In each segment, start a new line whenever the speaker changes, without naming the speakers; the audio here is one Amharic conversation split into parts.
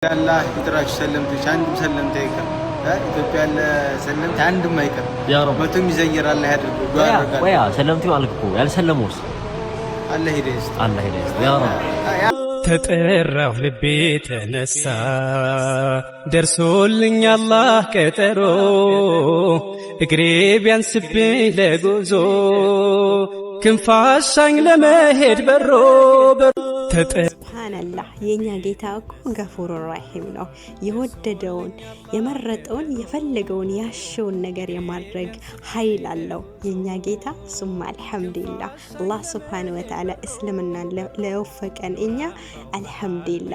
ኢትዮጵያ ቁጥራችሁ ሰለምቶች አንድም ሰለምታ አይቀርም። ኢትዮጵያ ሰለምታ አንድም አይቀርም። መቶም ይዘይር አላህ ያድርገው።
ሰለምቴው አልክ እኮ ያልሰለመውስ አላህ ሂደህ አላህ ሂደህ
ተጠራሁ ልቤ ተነሳ ደርሶልኝ አላህ ቀጠሮ እግሬ ቢያንስብኝ ለጉዞ ክንፋሻኝ ለመሄድ በሮ በሮ
የእኛ ጌታ እኮ ገፉር ራሒም ነው። የወደደውን የመረጠውን የፈለገውን ያሸውን ነገር የማድረግ ኃይል አለው የእኛ ጌታ ሱማ አልሐምዱሊላ። አላህ ስብሓን ወተዓላ እስልምናን ለወፈቀን እኛ አልሐምዱላ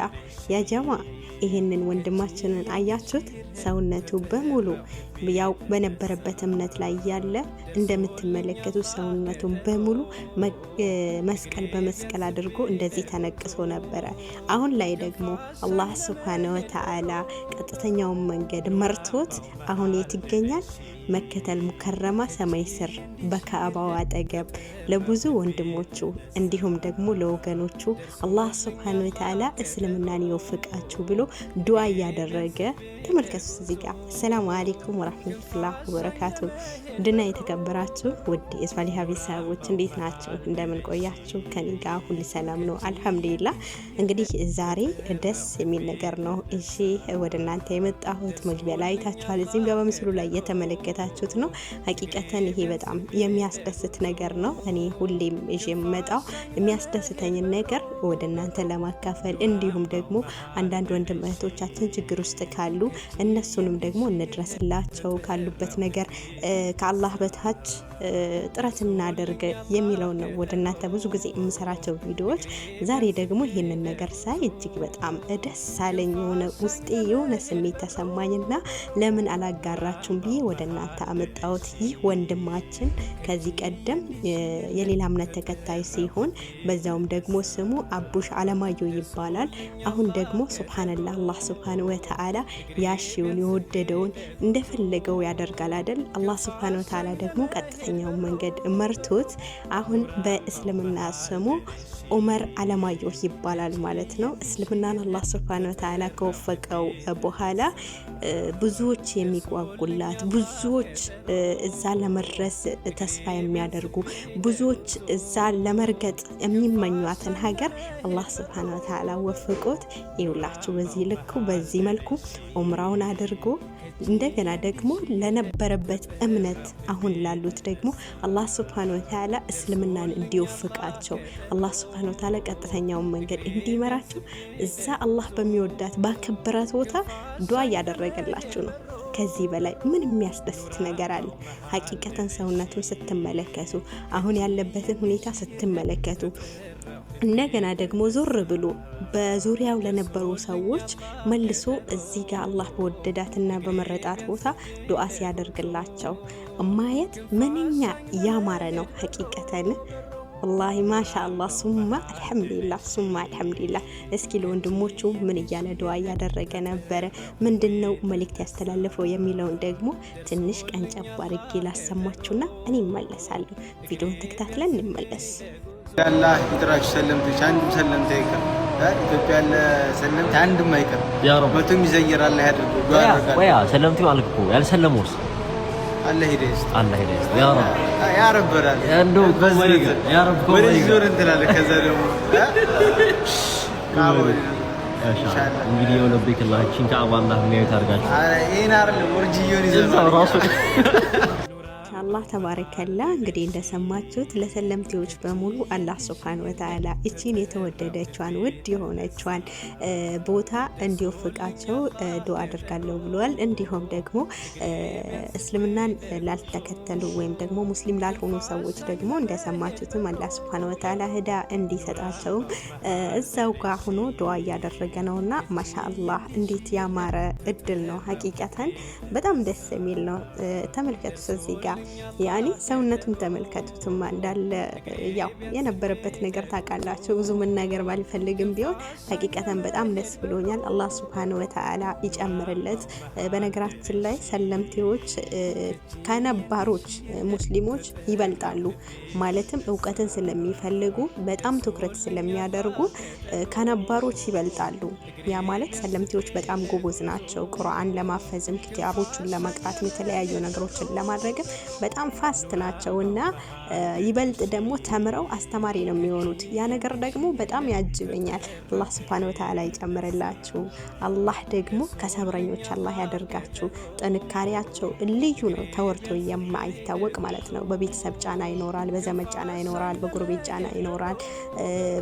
ያ ጀማ ይህንን ወንድማችንን አያችሁት? ሰውነቱ በሙሉ ያው በነበረበት እምነት ላይ ያለ እንደምትመለከቱት ሰውነቱን በሙሉ መስቀል በመስቀል አድርጎ እንደዚህ ተነቅሶ ነበረ። አሁን ላይ ደግሞ አላህ ስብሓነ ወተዓላ ቀጥተኛውን መንገድ መርቶት አሁን የት ይገኛል? መከተል ሙከረማ ሰማይ ስር በካዕባው አጠገብ ለብዙ ወንድሞቹ እንዲሁም ደግሞ ለወገኖቹ አላህ ስብሓነ ወተዓላ እስልምናን ይወፍቃችሁ ብሎ ዱዓ እያደረገ ተመልከቱ። ያላችሁ እዚህ ጋር። አሰላሙ አሌይኩም ወራህመቱላህ ወበረካቱ። ውድና የተከበራችሁ ውድ የሷሊሀ ቤተሰቦች እንዴት ናቸው? እንደምን ቆያችሁ? ከኔ ጋር ሁሉ ሰላም ነው አልሐምዱሊላ። እንግዲህ ዛሬ ደስ የሚል ነገር ነው እሺ ወደ እናንተ የመጣሁት። መግቢያ ላይ አይታችኋል፣ እዚህም ጋር በምስሉ ላይ የተመለከታችሁት ነው። ሀቂቀተን ይሄ በጣም የሚያስደስት ነገር ነው። እኔ ሁሌም ይዤ የምመጣው የሚያስደስተኝን ነገር ወደ እናንተ ለማካፈል እንዲሁም ደግሞ አንዳንድ ወንድም እህቶቻችን ችግር ውስጥ ካሉ እነሱንም ደግሞ እንድረስላቸው ካሉበት ነገር ከአላህ በታች ጥረት እናደርግ የሚለውን ነው ወደ እናንተ ብዙ ጊዜ የምሰራቸው ቪዲዮዎች። ዛሬ ደግሞ ይህንን ነገር ሳይ እጅግ በጣም ደስ አለኝ። የሆነ ውስጤ የሆነ ስሜት ተሰማኝና ለምን አላጋራችሁም ብዬ ወደ እናንተ አመጣሁት። ይህ ወንድማችን ከዚህ ቀደም የሌላ እምነት ተከታይ ሲሆን በዛውም ደግሞ ስሙ አቡሽ አለማየሁ ይባላል። አሁን ደግሞ ሱብሃነላ አላህ ስብሃነ ወተዓላ ያሺውን የወደደውን እንደፈለገው ያደርጋል አይደል? አላህ ስብሃነ ወተዓላ ደግሞ ቀጥ ትክክለኛው መንገድ መርቶት አሁን በእስልምና ስሙ ኡመር አለማየሁ ይባላል ማለት ነው። እስልምናን አላህ ስብሃነ ወተዓላ ከወፈቀው በኋላ ብዙዎች የሚጓጉላት ብዙዎች እዛ ለመድረስ ተስፋ የሚያደርጉ ብዙዎች እዛ ለመርገጥ የሚመኟትን ሀገር አላህ ስብሃነ ወተዓላ ወፍቆት ይውላችሁ በዚህ ልኩ በዚህ መልኩ ኡምራውን አድርጎ እንደገና ደግሞ ለነበረበት እምነት አሁን ላሉት ደግሞ አላህ ስብሃነ ወተዓላ እስልምናን እንዲወፍቃቸው አላህ ስብሃነ ወተዓላ ቀጥተኛውን መንገድ እንዲመራቸው እዛ አላህ በሚወዳት ባከበራት ቦታ ዱዓ እያደረገላችሁ ነው። ከዚህ በላይ ምን የሚያስደስት ነገር አለ? ሀቂቀተን ሰውነቱን ስትመለከቱ፣ አሁን ያለበትን ሁኔታ ስትመለከቱ እንደገና ደግሞ ዞር ብሎ በዙሪያው ለነበሩ ሰዎች መልሶ እዚህ ጋር አላህ በወደዳትና በመረጣት ቦታ ዱዓ ሲያደርግላቸው ማየት ምንኛ ያማረ ነው። ሀቂቀተን ወላሂ ማሻአላህ ሱማ አልሐምዱሊላህ ሱማ አልሐምዱሊላህ። እስኪ ለወንድሞቹ ምን እያለ ድዋ እያደረገ ነበረ? ምንድን ነው መልእክት ያስተላለፈው የሚለውን ደግሞ ትንሽ ቀንጨብ አድርጌ ላሰማችሁና እኔ እመለሳለሁ። ቪዲዮን ተከታትለን እንመለስ።
ያላ ይጥራችሁ ሰለምቶች አንድም ሰለምታ አይቀርም። ኢትዮጵያ ያለ ሰለምታ አንድም
አይቀርም።
መቶም ይዘየር አላህ ያድርገው።
ወያ ሰለምቲው አልኩ ያልሰለመውስ አላህ ሂደህ አላህ ሂደህ ያ ረብ ያ
ረብ አላህ ተባረከላ። እንግዲህ እንደሰማችሁት ለሰለምቴዎች በሙሉ አላህ ስብሓን ወተዓላ እቺን የተወደደችዋን ውድ የሆነችዋን ቦታ እንዲወፍቃቸው ዱ አድርጋለሁ ብለዋል። እንዲሁም ደግሞ እስልምናን ላልተከተሉ ወይም ደግሞ ሙስሊም ላልሆኑ ሰዎች ደግሞ እንደሰማችሁትም አላህ ስብሓን ወተዓላ ህዳ እንዲሰጣቸውም እዛው ጋር ሆኖ ዱዓ እያደረገ ነውና ማሻአላህ እንዴት ያማረ እድል ነው። ሀቂቀተን በጣም ደስ የሚል ነው። ተመልከቱ እዚህ ጋር ያኔ ሰውነቱን ተመልከቱትማ እንዳለ ያው የነበረበት ነገር ታውቃላቸው። ብዙ መናገር ባልፈልግም ቢሆን ሀቂቀተን በጣም ደስ ብሎኛል። አላህ ሱብሃነሁ ወተዓላ ይጨምርለት። በነገራችን ላይ ሰለምቴዎች ከነባሮች ሙስሊሞች ይበልጣሉ። ማለትም እውቀትን ስለሚፈልጉ በጣም ትኩረት ስለሚያደርጉ ከነባሮች ይበልጣሉ። ያ ማለት ሰለምቴዎች በጣም ጎበዝ ናቸው። ቁርአን ለማፈዝም ክቲያቦቹን ለመቅራትም የተለያዩ ነገሮችን ለማድረግም በጣም ፋስት ናቸው እና ይበልጥ ደግሞ ተምረው አስተማሪ ነው የሚሆኑት። ያ ነገር ደግሞ በጣም ያጅበኛል። አላህ ስብሃነ ወተዓላ ይጨምርላችሁ። አላህ ደግሞ ከሰብረኞች አላህ ያደርጋችሁ። ጥንካሬያቸው ልዩ ነው፣ ተወርቶ የማይታወቅ ማለት ነው። በቤተሰብ ጫና ይኖራል፣ በዘመድ ጫና ይኖራል፣ በጎረቤት ጫና ይኖራል።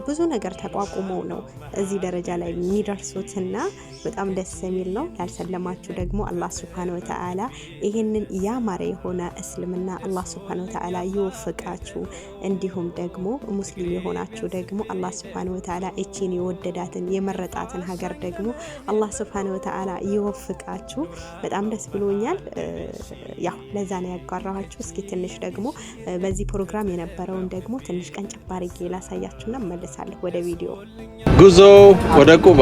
ብዙ ነገር ተቋቁመው ነው እዚህ ደረጃ ላይ የሚደርሱትና በጣም ደስ የሚል ነው። ያልሰለማችሁ ደግሞ አላህ ስብሃነ ወተዓላ ይህንን ያማረ የሆነ ለእስልምና አላህ ስብሃነ ወተዓላ ይወፍቃችሁ። እንዲሁም ደግሞ ሙስሊም የሆናችሁ ደግሞ አላህ ስብሃነ ወተዓላ እቺን የወደዳትን የመረጣትን ሀገር ደግሞ አላህ ስብሃነ ወተዓላ ይወፍቃችሁ። በጣም ደስ ብሎኛል። ያው ለዛ ነው ያጓራኋችሁ። እስኪ ትንሽ ደግሞ በዚህ ፕሮግራም የነበረውን ደግሞ ትንሽ ቀን ጨባሪ ላሳያችሁና እመልሳለሁ ወደ ቪዲዮ።
ጉዞ ወደ ቁባ፣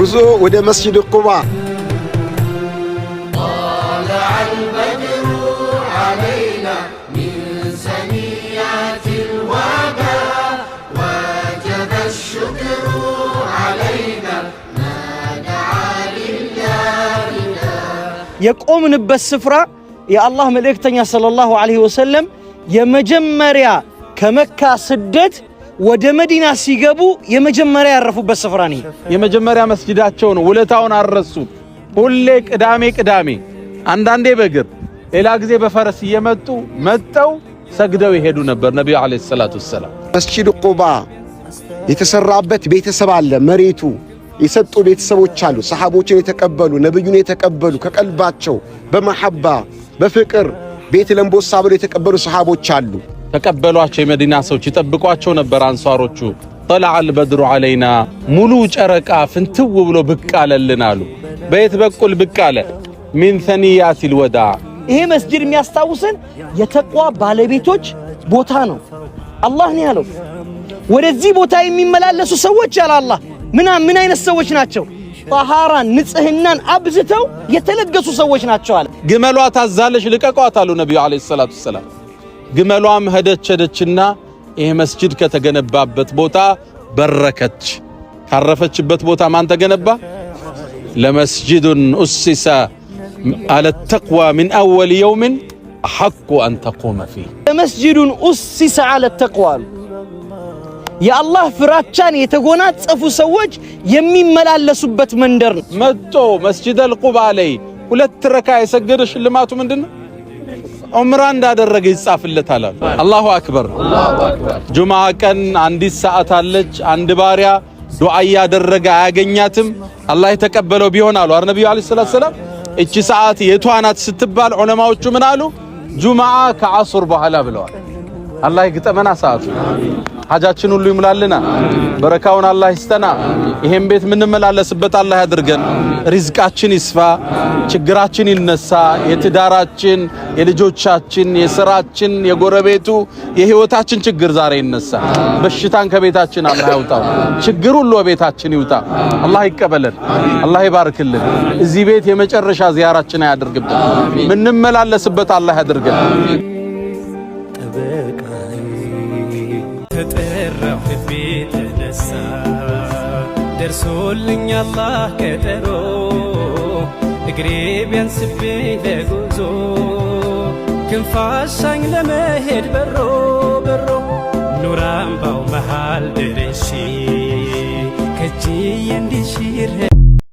ጉዞ ወደ መስጂድ ቁባ
የቆምንበት ስፍራ የአላህ መልእክተኛ ሰለላሁ ዐለይሂ ወሰለም የመጀመሪያ ከመካ ስደት ወደ መዲና ሲገቡ የመጀመሪያ ያረፉበት ስፍራ ነው።
የመጀመሪያ መስጂዳቸው ነው። ውለታውን አልረሱም። ሁሌ ቅዳሜ ቅዳሜ አንዳንዴ በእግር ሌላ ጊዜ በፈረስ እየመጡ መጠው ሰግደው ይሄዱ ነበር ነቢዩ ዐለይሂ ሰላቱ ወሰላም
መስጂድ ቁባ የተሰራበት ቤተሰብ አለ። መሬቱ የሰጡ ቤተሰቦች አሉ። ሰሓቦችን የተቀበሉ ነብዩን የተቀበሉ ከቀልባቸው በመሐባ በፍቅር ቤት ለምቦሳ ብለው የተቀበሉ ሰሃቦች አሉ።
ተቀበሏቸው። የመዲና ሰዎች ይጠብቋቸው ነበር። አንሷሮቹ ጠለዐል በድሩ ዐለይና ሙሉ ጨረቃ ፍንትው ብሎ ብቅ አለልን አሉ። በየት በኩል ብቅ አለ? ሚን ሰኒያቲል ወዳዕ።
ይሄ መስጂድ የሚያስታውሰን የተቅዋ ባለቤቶች ቦታ ነው። አላህ ነው ያለው ወደዚህ ቦታ የሚመላለሱ ሰዎች ያላላህ ምና ምን አይነት ሰዎች ናቸው? ጣሃራን ንጽህናን አብዝተው የተለገሱ ሰዎች ናቸው አለ።
ግመሏ ታዛለች፣ ልቀቋት አሉ ነቢዩ ዓለይሂ ሰላቱ ወሰላም። ግመሏም ሄደች ሄደችና ይህ መስጂድ ከተገነባበት ቦታ በረከች። ካረፈችበት ቦታ ማን ተገነባ? ለመስጂዱን ኡሲሰ አለ ተቅዋ ሚን አወል የውምን አሐቁ አን ተቁመ ፊህ
ለመስጂዱን ኡሲሰ አለ ተቅዋ የአላህ ፍራቻን የተጎናጸፉ ሰዎች የሚመላለሱበት መንደር ነው።
መጦ መስጂደል ቁባ ላይ ሁለት ረካ የሰገደ ሽልማቱ ምንድነው ነው? ዑምራ እንዳደረገ ይጻፍለታል። አላሁ አክበር። ጁማ ቀን አንዲት ሰዓት አለች። አንድ ባሪያ ዱዓ እያደረገ አያገኛትም፣ አላህ የተቀበለው ቢሆን አሉ አር ነብዩ አለይሂ ሰላቱ ሰላም። እቺ ሰዓት የቷ ናት ስትባል ዑለማዎቹ ምን አሉ? ጁማ ከአሱር በኋላ ብለዋል። አላህ ግጠመና ሰዓቱ ሀጃችን ሁሉ ይሙላልና በረካውን አላህ ይስጠና። ይሄን ቤት የምንመላለስበት አላህ ያድርገን። ሪዝቃችን ይስፋ፣ ችግራችን ይነሳ። የትዳራችን፣ የልጆቻችን፣ የስራችን፣ የጎረቤቱ፣ የህይወታችን ችግር ዛሬ ይነሳ። በሽታን ከቤታችን አላህ ያውጣው። ችግር ሁሉ ቤታችን ይውጣ። አላህ ይቀበለን፣ አላህ ይባርክልን። እዚህ ቤት የመጨረሻ ዚያራችን አያድርግብን። የምንመላለስበት አላህ ያድርገን። ደርሶልኝ አላህ ቀጠሮ እግሬ ቢያንስብኝ ለጉዞ ክንፋሻኝ ለመሄድ በሮ በሮ ኑር አምባው መሃል ደርሼ ከጅዬ እንዲሽር